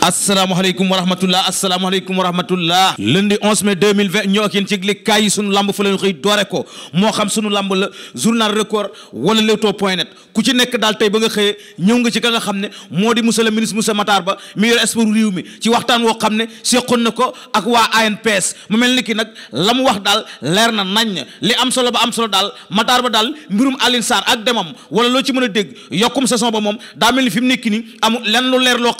wa rahmatullah asalaamaaleykum lundi 11 mai 2020 ak yéen ci li kaay yi sunu fa lañu xëy doore ko moo xam sunu lamb la journal record wala leewtoo point net ku ci nekk daal tey ba nga xëyee ñëw nga ci ka nga xam ne moo di monsieur le ministre monsieur Ba mi yor woo xam ne seqoon na ko ak waa ANPS mu mel ni ki nag la mu wax daal leer na nañ li am solo ba am solo daal Matar Ba daal mbirum Alioune Sarr ak demam wala loo ci mën a dégg yokkum saison ba moom daa mel ni fi mu nekk nii amul lenn lu leer loo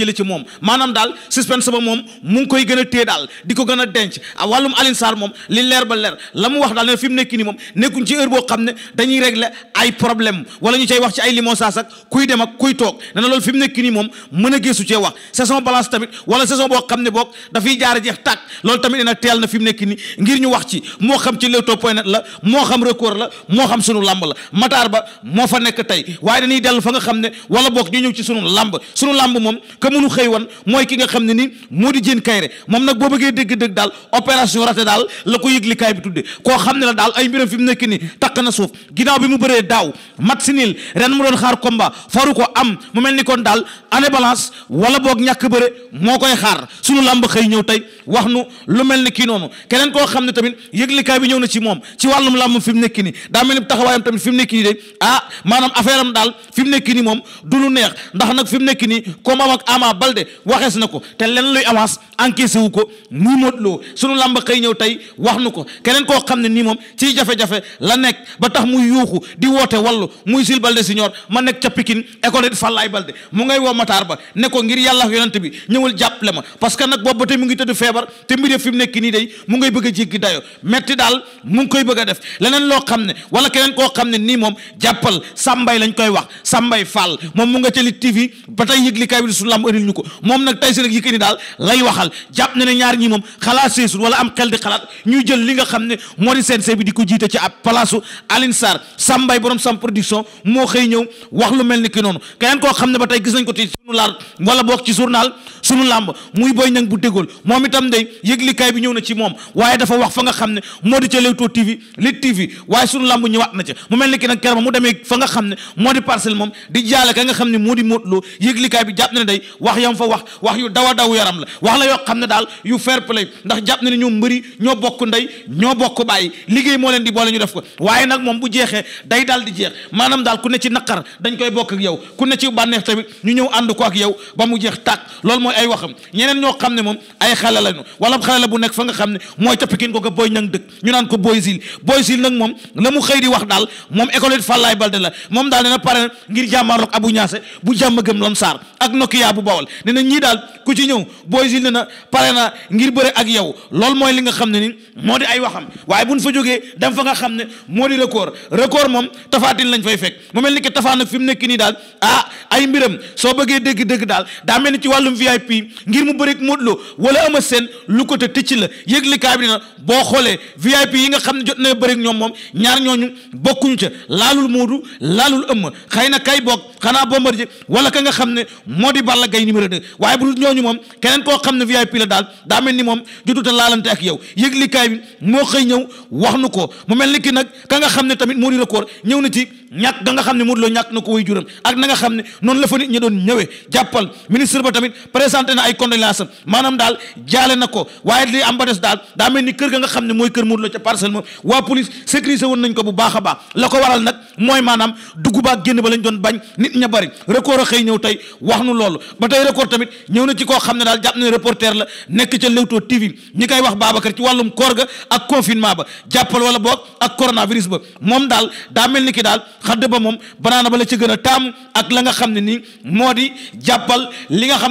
jëlee ci moom maanaam daal suspense ba moom mu ngi koy gën a téye daal di ko gën a denc wàllum Alioune Sarr moom li leer ba leer la mu wax daal ne fi mu nekk nii moom nekkuñ ci heure boo xam ne dañuy régler ay problème wala ñu cay wax ci ay limon saas ak kuy dem ak kuy toog nee na loolu fi mu nekk nii moom mën a geesu cee wax saison balance tamit wala saison boo xam ne book dafay jaar jeex tàkk lool tamit nee na teel na fi mu nekk nii ngir ñu wax ci moo xam ci Leewtoo point net la moo xam record la moo xam sunu làmb la Matar ba moo fa nekk tey waaye dañuy dellu fa nga xam ne wala boog ñu ñëw ci sunu làmb ka mënu xëy wan mooy ki nga xam ne ni moo di Diène Kaïré moom nag boo bëggee dégg-dégg daal opération raté daal la ko yëglikaay bi tudde koo xam ne la daal ay mbiram fi mu nekk ni takk na suuf ginnaaw bi mu bëree daaw mat si niil ren mu doon xaar combat faru ko am mu mel ni kon daal année wala boog ñàkk bëre moo koy xaar sunu làmb xëy ñëw tey wax nu lu mel ni kii noonu keneen koo xam ne tamit yëglikaay bi ñëw na ci moom ci wàllum làmb fi mu nekk ni daa mel ni taxawaayam tamit fi mu nekk nii ah maanaam affaire am daal fi mu nekk ni moom du lu neex ndax nag fi mu nekk ni combat ak Ama Balde waxees na ko te lenn luy avance encaissé wu ko muy Modou Lo sunu làmb xëy ñëw tey wax nu ko keneen koo xam ne nii moom ciy jafe la nekk ba tax muy yuuxu di woote wallu muy Jules Balde Senior ma nekk ca Pikine école Fallaye Balde mu ngay woo Matar ba ne ko ngir yàlla ak yonent bi ñëwal jàppale ma parce que nag boobu ba tey ngi tëdd feebar te mbir fi mu nekk nii day mu ngay bëgg jéggi dayo metti daal mu ngi koy bëgg a def leneen loo xam ne wala keneen koo xam ne nii moom jàppal sàmbay lañ koy wax sàmbay Fall moom mu nga ca TV ba tey yëg li kay su lamb andil ñu ko moom nag Tyson ak Yékini daal lay waxal jàpp na ñaar ñi moom xalaat seesul wala am xel di xalaat ñuy jël li nga xam ne moo di CNG bi di ko jiite ci ab palaasu Aline Sarr Sambay borom Sam production moo xëy ñëw wax lu mel ni ki noonu keneen koo xam ne ba tey gis nañ ko ci sunu laal wala boog ci journal sunu làmb muy boy ñang bu déggool moom itam day yëglikaay bi ñëw na ci moom waaye dafa wax fa nga xam ne moo di ca Leewtoo TV Lutte TV waaye sunu làmb ñëwaat mu mel ni ki nag kerma mu demee fa nga xam ne moo di parcelle moom di jaale ka nga xam ne moo di Modou Lo yëglikaay bi jàpp na ne day wax yam wax wax yu daw a daw yaram la wax la yoo xam ne daal yu fair play ndax jàpp na ne ñoom mbëri ñoo bokk ndey ñoo bokk bàyyi liggéey moo leen di boole ñu def ko waaye nag moom bu jeexee day daal di jeex maanaam daal ku ne ci naqar dañ koy bokk ak yow ku ne ci bànneex tamit ñu ñëw ànd ko ak yow ba mu jeex tàkk loolu mooy ay waxam ñeneen ñoo xam ne moom ay xale lañu wala xale la bu nekk fa nga xam ne mooy ca Pikine ko booy nang dëkk ñu naan ko Boy Sil Boy Sil nag moom la mu xëy di wax daal moom école Fallaye Baldé la moom daal dina pare ngir jàmmaarloog Abou Niasse bu jàmm gëm lam saar ak Nokia bu bawal ne na ñii daal ku ci ñëw Boy Sil ne na pare na ngir bëre ak yow loolu mooy li nga xam ne ni moo di ay waxam waaye bu buñ fa jógee dem fa nga xam ne moo di record record moom tafaatin lañ fay fekk mu mel ni ki tafaa nag fi mu nekk nii daal ah, ay mbiram soo bëggee dégg-dégg daal daa mel ni ci wàllum VIP bi ngir mu bëreeg Modou Lo wala Eumeu Sène lu ko te tëcc la yëglikaay bi na boo xoolee VIP yi nga xam ne jot na bëreeg ñoom moom ñaar ñooñu bokkuñu ca laalul Modou laalul Eumeu xëy na kay bokk xanaa Bombardier wala ka nga xam ne moo di Balla Gaye numéro 2 waaye bu dul ñooñu moom keneen koo xam ne VIP daal daa mel ni moom jotuta laalante ak yow yëglikaay bi moo xëy ñëw wax nu ko mu mel ni ki nag ka nga xam ne tamit moo di record ñëw na ci ñàkk ga nga xam ne Modou ñàkk na ko way juram ak na nga xam ne noonu la fa nit ñi doon ñëwee jàppal ministre ba tamit président présenté na ay condoléances maanaam daal jaale na ko waaye li am ba des daal daa mel ni kër ga nga xam ne mooy kër Modou Lo ca parcelle moom waa police sécurisé woon nañ ko bu baax a baax la ko waral nag mooy maanaam dugg baak génn ba lañ doon bañ nit ña bari record a xëy ñëw tey wax nu loolu ba tey record tamit ñëw na ci koo xam ne daal jàpp ne reporter la nekk ca Leewtoo TV ñi koy wax Babacar ci wàllum koor coronavirus ba moom daal daa mel ni ki daal xadd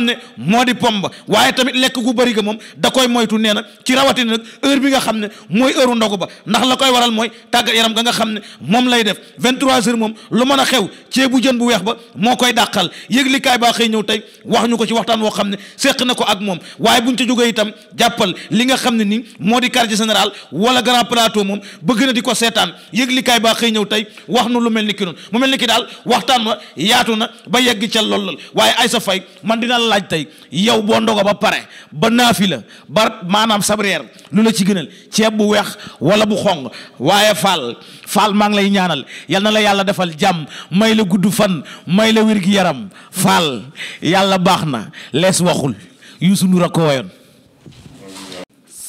a moo di pomba waaye tamit lekk gu bëri ga moom da koy moytu nee na ci rawatina nag heure bi nga xam ne mooy heure ndogu ba ndax la koy waral mooy tàggat yaram ga nga xam ne moom lay def 23 heures moom lu mën a xew ceebu jën bu weex ba moo koy dàqal yëglikaay baa xëy ñëw tey wax ñu ko ci waxtaan woo xam ne seq na ko ak moom waaye buñ ca jógee itam jàppal li nga xam ne nii moo di quartier général wala grand plateau moom bëgg na di ko seetaan yëglikaay baa xëy ñëw tey wax nu lu mel ni ki noonu mu mel ni ki daal waxtaan wa yaatu na ba yegg ca lool waaye Aïssa Faye man dina la laaj tey yow boo ndogo ba pare ba naafi la ba maanaam sab reer la ci gënal ceeb bu weex wala bu xong waaye faal faal maa ngi lay ñaanal yal na la yàlla defal jàmm may la gudd fan may la wér yaram faal yàlla baax na les waxul Youssou Ndour a ko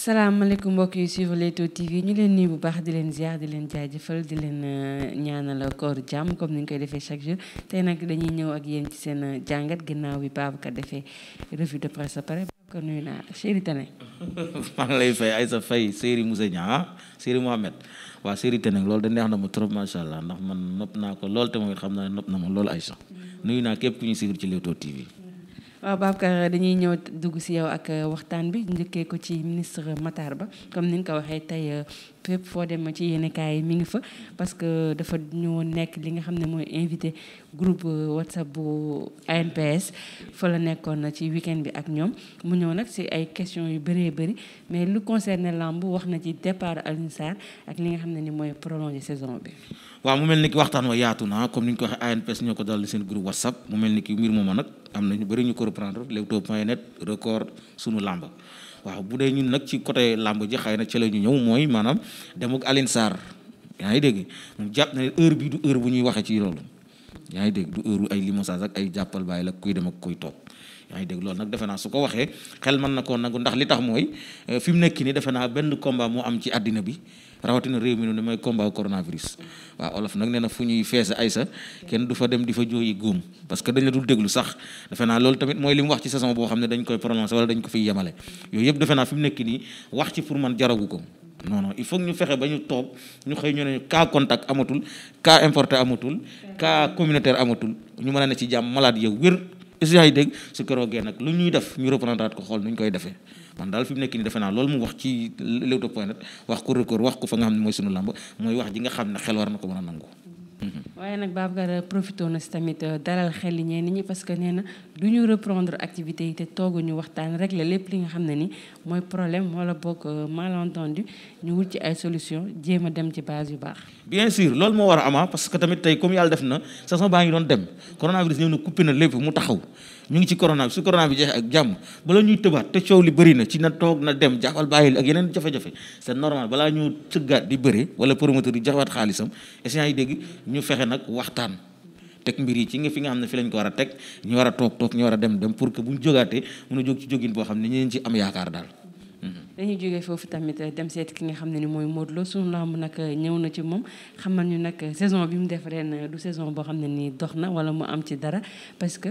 salaamaaleykum mbokk yi suivre Leewtoo TV ñu leen nii bu baax di leen ziar di leen jaajëfal di leen euh, ñaanal koor jàmm comme ni ñu koy defee chaque jour tey nag dañuy ñëw ak yéen ci seen euh, jàngat ginnaaw bi Babacar defee revue de presse pare Babacar nuyu naa Chéri Tane. maa ngi lay fay Aïssa Faye Chéri Moussa Niang ah, Chéri Mohamed waaw Chéri Tane lool da neex na ma trop macha allah ndax man nopp naa ko lool te moom xam naa ne nopp na ma lool Aïssa mm. nuyu naa képp ku ñu suivre ci Leewtoo TV. waaw euh, Babacar dañuy ñëw dugg si yow ak euh, waxtaan bi njëkkee ko ci ministre Matar Ba comme ni nga ko waxee tey euh, fépp foo dem ci yéenekaay yi mi ngi fa parce que dafa ñu nekk li nga xam ne mooy invité groupe WhatsApp bu ANPS fa la nekkoon ci week-end bi ak ñoom mu ñëw nag yu bëree bëri mais lu wax na ci départ Alioune Sarr ak li nga xam ne ni bi. waaw mu mel ni ki waxtaan wa yaatu na comme ni ñu ko waxee ANPS ñoo ko dalal seen groupe WhatsApp mu mel ni ki mbir moomu nag. am na ñu bëri ñu ko reprendre Leewtoo point net record sunu làmb waaw bu dee ñun nag ci côté làmb ji xëy na ci la ñu ñëw mooy maanaam dem ak Alioune Sarr yaa ngi dégg moom jàpp na heure bi du heure bu ñuy waxee ci loolu yaa ngi dégg du heure ay limousage ak ay jàppal bàyyi la kuy dem ak koy toog yaa ngi dégg loolu nag defe naa su ko waxee xel mën na koo nangu ndax li tax mooy euh, fi mu nekk nii defe naa benn combat moo am ci àddina bi rawatina réew mi nu ne mooy combat coronavirus waaw olof nag nee na fu ñuy feese ay sa kenn du fa dem di fa yi góom parce que dañ la dul déglu sax defe naa loolu tamit mooy li mu wax ci saison boo xam ne dañ koy prononcé wala dañ ko fiy yemale yooyu yëpp defe naa fi mu nekk nii wax ci pour man jaragu ko non non il faut ñu fexe ba ñu toog ñu xëy ñu ne cas contact amatul kaa importé amatul cas communautaire amatul ñu mën a ne ci jàmm malade yow wér étudiants yi dégg su keroogee nag lu ñuy def ñu reprendre ko xool nu koy defee man daal fi nekk nii defe naa loolu mu wax ci Leewtoo wax ko record wax ko fa nga xam ne mooy sunu làmb mooy wax ji nga xam ne xel war na ko mën a nangu. waaye nag Babacar profité na si tamit euh, dalal xel yi ñeen ñi parce que nee na du ñu reprendre activité yi te ñu waxtaan rek la lépp li nga xam ne ni mooy problème wala bokk euh, malentendu ñu wut ci ay solution jéem a dem ci base yu baax. bien sûr loolu moo war a ama ah parce que tamit tey comme yàlla def na saison baa ngi doon dem coronavirus ñëw na coupé na mu taxaw. ñu ngi ci corona bi su corona bi jeexee ak jàmm bala ñuy tëbaat te coow li bëri na ci na toog na dem jaxal bàyyil ak yeneen jafe-jafe c'est normal balaa ñu sëggaat di bëri wala promoteur yi jaxawaat xaalisam essence yi dégg ñu fexe nag waxtaan teg mbir yi ci nga fi nga xam ne fi lañ ko war a teg ñu war a toog toog ñu war a dem dem pour que bu mu jógaatee mën a jóg ci jógin boo xam ne ñu leen am yaakaar daal dañuy jógee foofu tamit dem ki nga xam ne ni mooy Modou Lo suñu lamb nag ñëw na ci moom xamal ñu nag saison bi mu def ren du saison boo xam ne ni dox na wala mu am ci dara parce que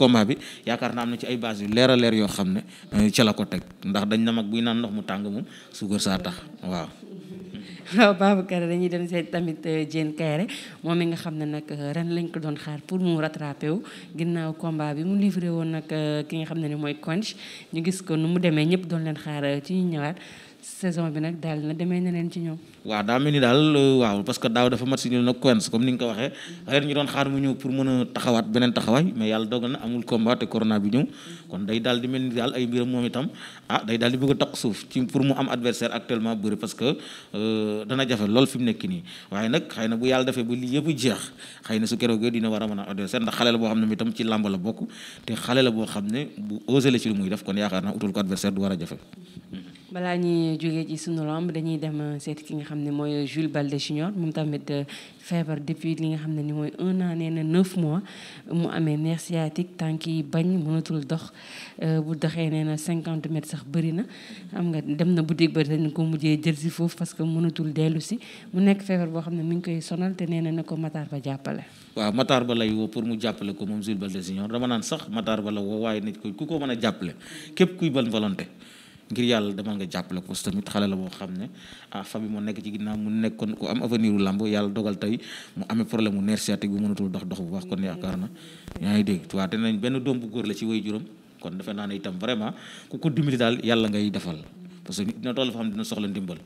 combat bi yaakaar naa am na ci ay base yu leer a leer yoo xam ne euh, ca la ko teg ndax dañ na mag buy naan ndox mu tàng moom suukar saa tax waaw. waaw Babacar dañuy dem seet tamit euh, Diène Kairé moom mi nga xam ne nag euh, ren lañ ko doon xaar pour mu rattrapé wu ginnaaw combat bi mu livré woon nag ki nga xam ne ni mooy conch ñu gis ko nu mu demee ñëpp doon leen xaar ci ñu ñëwaat. saison bi nag daal na demee na leen ci ñoom. waaw daa mel ni daal euh, waaw parce que daaw dafa mat si ñu nag Quench comme ni nga ko waxee mm-hmm. xëy ñu doon xaar mu ñëw pour mën a taxawaat beneen taxawaay mais yàlla dogal na amul combat te corona bi ñëw kon day daal di mel ni daal ay mbiram moom itam ah day daal di bëgg a takk suuf ci pour mu am adversaire actuellement bëri parce que euh, dana jafe lool fi mu nekk nii waaye nag xëy na bu yàlla defee ba lii yëpp jeex xëy na su keroogee dina war a a adversaire ndax boo xam ne mi itam ci làmb la bokk te xale ne bu osé def kon yaakaar naa a jafe balaa ñuy jógee ci sunu lamb dañuy dem euh, seet ki nga xam ne mooy euh, Jules Balde Junior moom tamit euh, feebar depuis li nga xam ne ni mooy un an nee na neuf mois mu amee nerf sciatique tànk yi bañ mënatul dox bu doxee nee na cinquante mètres sax bëri na xam nga dem na boutique ba dañ ko mujjee jël si foofu parce que mënatul dellu si mu nekk feebar boo xam ne mi ngi koy sonal te nee ne na ko Matar Ba jàppale. waaw Matar Ba lay woo pour mu jàppale ko moom Jules Balde Junior dama naan sax Matar Ba la woo waaye nit ko mën a jàppale képp kuy bonne volonté. ngir yàlla demal nga jàppale ko parce xale la boo xam ne ah fa bi nekk ci ginnaaw mu nekk kon ku am avenir làmb yàlla dogal tey mu amee problème mu nerf sciatique bu mënatul dox dox bu baax kon yaakaar na yaa ngi dégg waaw te nañ benn doom bu góor la ci way juróom kon defe naa ne itam vraiment ku ko dimbali daal yàlla ngay defal parce que dina toll fa xam dina soxla ndimbal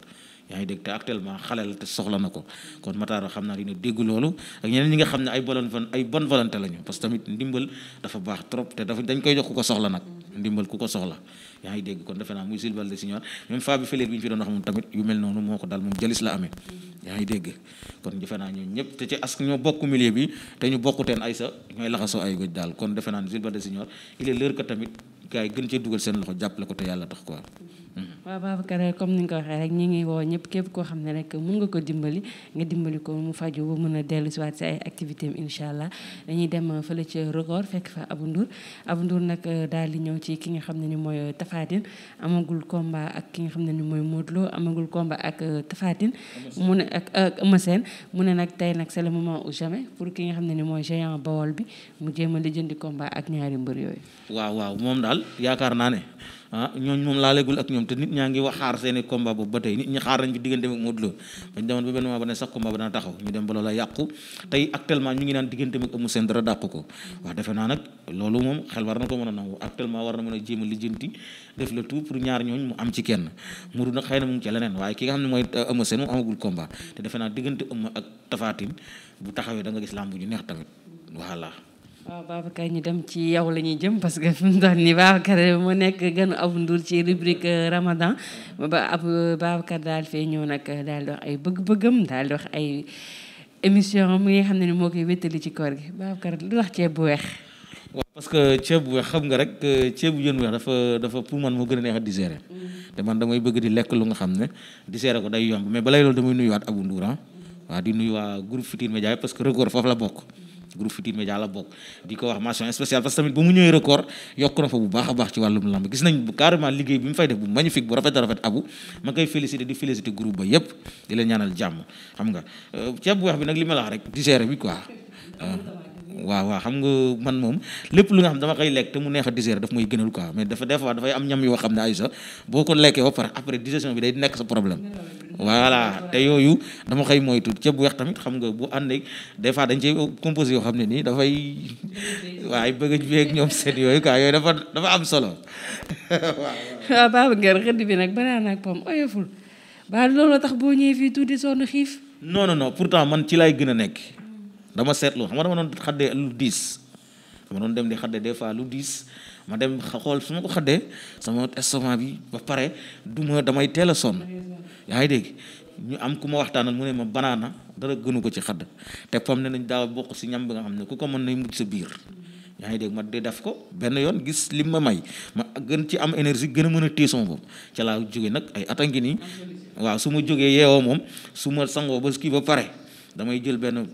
yaa ngi dégg te actuellement xale la te soxla na ko kon Matar xam naa dina dégg loolu ak ñeneen ñi nga xam ne ay bonne ay bonne volonté lañu parce que tamit ndimbal dafa baax trop te dafa dañ koy jox ku ko soxla nag ndimbal ku ko soxla yaa ngi dégg kon defe naa muy Jules Baldé Junior même Fabi Fellère bi ñu ñoo ñëpp te ci as bokk milieu bi te ñu bokku teen ay ñooy laxasoo ay goj daal kon defe naa Jules Baldé Junior il est l'heure que tamit gars gën cee dugal seen loxo jàppale ko te yàlla tax quoi hmm. waaw Babacar comme ni nga ko waxee rek ñi ngi woo ñëpp képp koo xam ne rek mun nga ko dimbali nga dimbali ko mu faju ba mën a dellu si waat si ay activité am allah dañuy dem fële ci record fekk fa Abou Ndour Abou Ndour nag euh, daal di ñëw ci ki nga xam ne ni mooy euh, Tafatine amagul combat ak ki nga xam ne ni mooy Modou amagul komba ak euh, Tafatine mu ne ak Eumeu Sène mu ne nag tey nag c'est le moment ou jamais pour ki nga xam ne ni mooy géant Bawol bi mu jéem a lijjanti combat ak ñaari mbër yooyu waaw ah ñooñu moom laaleegul ak ñoom te nit ñaa ngi wax xaar seeni combat boobu ba tey nit ñi xaar nañ fi diggante ak Modou Lo bañ demoon ba benn moment ba ne sax combat ba dana taxaw ñu dem ba loola yàqu tey actuellement ñu ngi naan diggante ak Eumeu Sène dara dàq ko waaw defe naa nag loolu moom xel war na ko mën a nangu actuellement war na mën a jéem a lijjanti def le tout pour ñaar ñooñ mu am ci kenn muru nag xëy na mu ngi ci leneen waaye ki nga xam ne mooy euh, Eumeu Sène moom amagul combat te defe naa diggante Eumeu ak Tapha Tine bu taxawee da nga gis làmb ñu neex tamit voilà waaw Babacar ñu dem ci yow la ñuy jëm parce que fi mu toll nii Babacar mu nekk gënu ab ndur ci rubrique euh, Ramadan ba ab Babacar daal fee ñëw nag euh, daal di wax ay bëgg-bëggam daal di wax ay émission mi nga xam ne moo koy wéttali ci koor gi Babacar lu wax ceeb bu weex. waaw parce que ceeb bu weex xam nga rek euh, ceeb bu jën weex dafa dafa pour man moo gën a neex a digérer mm-hmm. te man damay bëgg di lekk lu nga xam ne digérer ko day yomb mais balay loolu damay nuyu at Ndour ah. waa di nuyu waa groupe Futurs Médias parce que record foofu la bokk. ci groupe Futurs Médias la bokk di ko wax mention spéciale parce que tamit ba mu ñëwee record yokk na fa bu baax a baax ci wàllum lamb gis nañ bu carrément liggéey bi mu fay def bu magnifique bu rafet a rafet abu ma koy féliciter di féliciter groupe ba yépp di leen ñaanal jàmm xam nga euh, ceeb bu weex bi nag li ma la wax rek digérer bi waaw waaw xam nga man moom lépp lu nga xam dama koy lekk te mu neex a digérer daf mooy gënal quoi mais dafa des fois dafay am ñam yoo xam ne ay sa boo ko lekkee ba pare après digestion bi day nekk sa problème voilà te yooyu dama koy moytu ceeb bu weex tamit xam nga bu àndee des fois dañ cee composé yoo xam ne nii dafay waaye bëgg beeg ñoom seen yooyu quoi dafa dafa am solo waaw baaba ngeer xëdd bi nag banaan ak pom oyoful ba loolu tax boo ñëwee fii tuuti sonn xiif non no non pourtant man ci laay gën a nekk dama seetlu xam nga dama doon xaddee lu diis doon dem di xaddee des fois lu diis ma dem xool su ma xaddee sama estomac bi ba pare du ma damay teel a sonn yaa ngi dégg ñu am ku ma waxtaanal mu ne ma banaana dara gënu ko ci xadd te pom ne nañ daaw bokk si ñam bi nga xam ne ku ko mën nañ mujj sa biir yaa ngi dégg ma de def ko benn yoon gis li ma may ma gën ci am énergie gën a mën a téye sama bopp ca laa jóge nag ay at a ngi nii waaw su ma jógee yeewoo moom su ma sangoo ba kii ba pare damay jël benn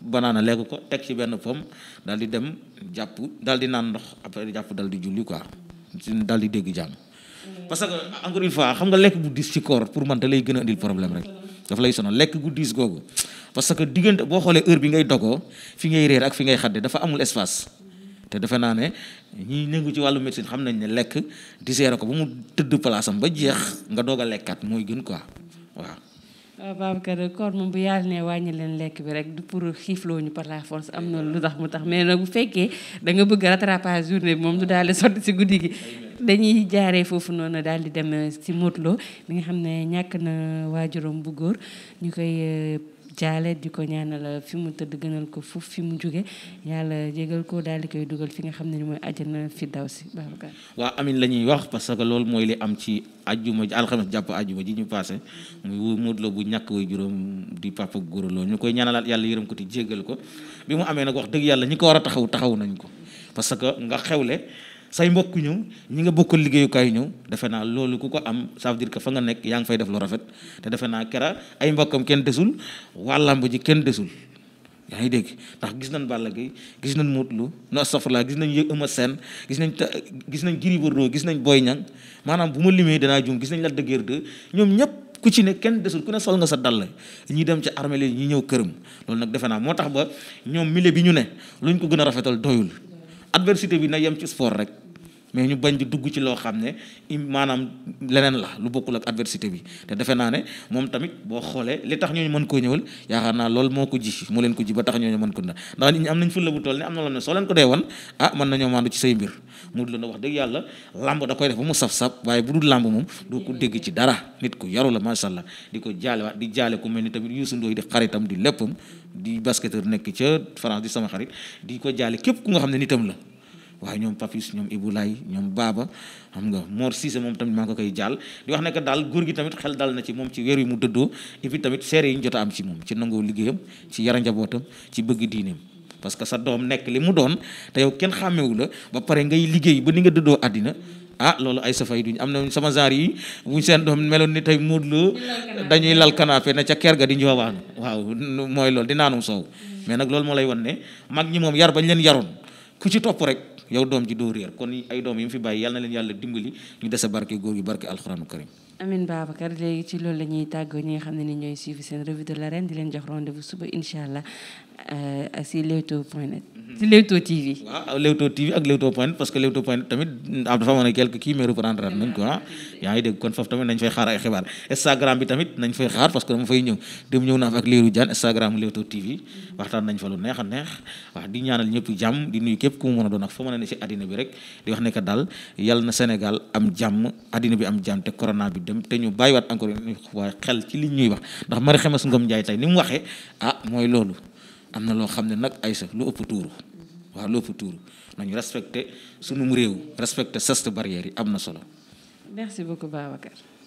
banaana lekk ko teg ci benn pomme dal di dem jàpp daal di naan ndox après jàpp dal di julli quoi daal di dégg jàmm parce que encore fois xam nga lekk bu diis ci koor pour man da lay gën a indil problème rek daf lay sonal lekk gu diis googu parce que diggante boo xoolee heure bi ngay dogoo fi ngay réer ak fi ngay xadde dafa amul espace te defe naa ne ñi néngu ci wàllu médecine xam nañ ne lekk diseere ko ba mu tëdd place ba jeex nga doog a lekkaat mooy gën quoi waaw waaw euh, Babacar koor moom bu yàlla ne wàññi leen lekk bi rek du pour xiifloo ñu par la force am na lu tax mu tax mais nag bu fekkee da nga bëgg rattrapage journée bi moom du daal di sotti si guddi gi. dañuy jaaree foofu noonu daal di dem ci Modou Lo mi nga xam ne ñàkk na waajuram bu góor ñu koy. Euh, jaale di ko ñaanal uh, fi mu tëdd gënal ko foof fi mu jóge yàlla jégal ko daal di koy dugal fi nga xam ne ni mooy àjjana fi daw si Babacar waaw amin la ñuy wax parce que loolu mooy li am ci àjjuma alxames jàpp àjjuma ji ñu passé muy Modou Lo bu ñàkk way juróom di papa Gora Lo ñu koy ñaanalaat yàlla yërëm ko ti jégal ko bi mu amee nag wax dëgg yàlla ñi ko war a taxaw taxaw nañ ko parce nga xewle say mbokk ñu ñi nga bokkal liggéeyukaay ñëw defe naa loolu ku ko am sa veut dire que fa nga nekk yaa ngi fay def lu rafet te defe naa kera ay mbokkam kenn desul waa làmb ji kenn desul yaa ngi dégg ndax gis nañ Balla Gaye gis nañ Modou Lo no safla gis nañ Eumeu Sène gis nañ gis nañ Gris Bordeaux gis nañ Boy Niang maanaam bu ma limee danaa juum gis nañ Lac de Guiers 2 ñoom ñëpp ku ci ne kenn desul ku ne sol nga sa dàll ñi dem ci armée li ñi ñëw këram loolu nag defe naa moo tax ba ñoom milieu bi ñu ne lu luñ ko gën a rafetal doyul adversité bi na yem ci sport rek mais ñu bañ di dugg ci loo xam ne maanaam leneen la lu bokkul ak adversité bi te defe naa ne moom tamit boo xoolee li tax ñooñu mën koo ñëwal yaakaar naa loolu moo ko ji moo leen ko ji ba tax ñooñu mën ko ndax nit ñi am nañ fulla bu toll ne am na loo ne soo leen ko dee wan ah mën nañoo maandu ci say mbir Modou Lo na wax dëgg yàlla lamb da koy def ba mu saf-saf waaye bu dul lamb moom doo ko dégg ci dara nit ku yaru la macha di ko jaale waat di jaale ku mel ni tamit Youssou Ndoye di xaritam di léppam di basketteur di sama xarit di ko jaale képp ku nga xam ne nitam la waaye ñoom Papis ñoom Ibou Laye ñoom Baba xam nga Mor Cissé moom tamit maa nga koy jàll di wax ne que daal góor gi tamit xel dal na ci moom ci weer wi mu dëddoo et puis tamit seere yi ñu jot am ci moom ci nangoo liggéeyam ci yara njabootam ci bëgg diineem parce que sa doom nekk li mu doon te yow kenn xàmmewu la ba pare ngay liggéey ba ni nga dëddoo àddina ah loolu ay safay duñ am na sama genre yi buñ seen doom meloon ni tey Modou Lo dañuy lal canapé na ca ker ga di njoowaanu waaw mooy lool di naanum soow mais nag loolu moo lay wan ne mag ñi moom yar bañ leen yaroon ku ci topp rek yow doom ji doo réer kon ay doom yi mu fi bàyyi yàlla na leen yàlla dimbali ñu dese barke góor gi barke alxuraanu karim amin Babacar léegi ci loolu la ñuy tàggoo ñi nga xam ne ni ñooy suivre seen revue de l'arène di leen jox rendez-vous suba incha allah euh, si leewtoo point net ci Leewtoo TV. waaw Leewtoo TV ak Leewtoo point parce que Leewtoo point tamit am dafa amoon ay quelques kii mais reprendre at nañ ko ah yaa ngi dégg kon foofu tamit nañ fay xaar ay xibaar Instagram bi tamit nañ fay xaar parce que dama fay ñëw dem ñëw naa fa ak Lirou Diane nañ fa lu neex a neex wax di ñëpp jàmm di nuyu képp ku mën a doon ak fa mën a ne ci àddina bi rek di wax ne que daal yàlla na Sénégal am jàmm àddina bi am jàmm te corona bi dem te ñu bàyyiwaat encore waaye xel ci li ñuy wax ndax ma Marie Xemes Ngom Ndiaye tey ni mu waxee ah mooy loolu am na loo xam ne nag ay so lu ëpp tuuru waaw lu ëpp tuuru nañu respecté sunum réew respecté seste barrière yi am na solo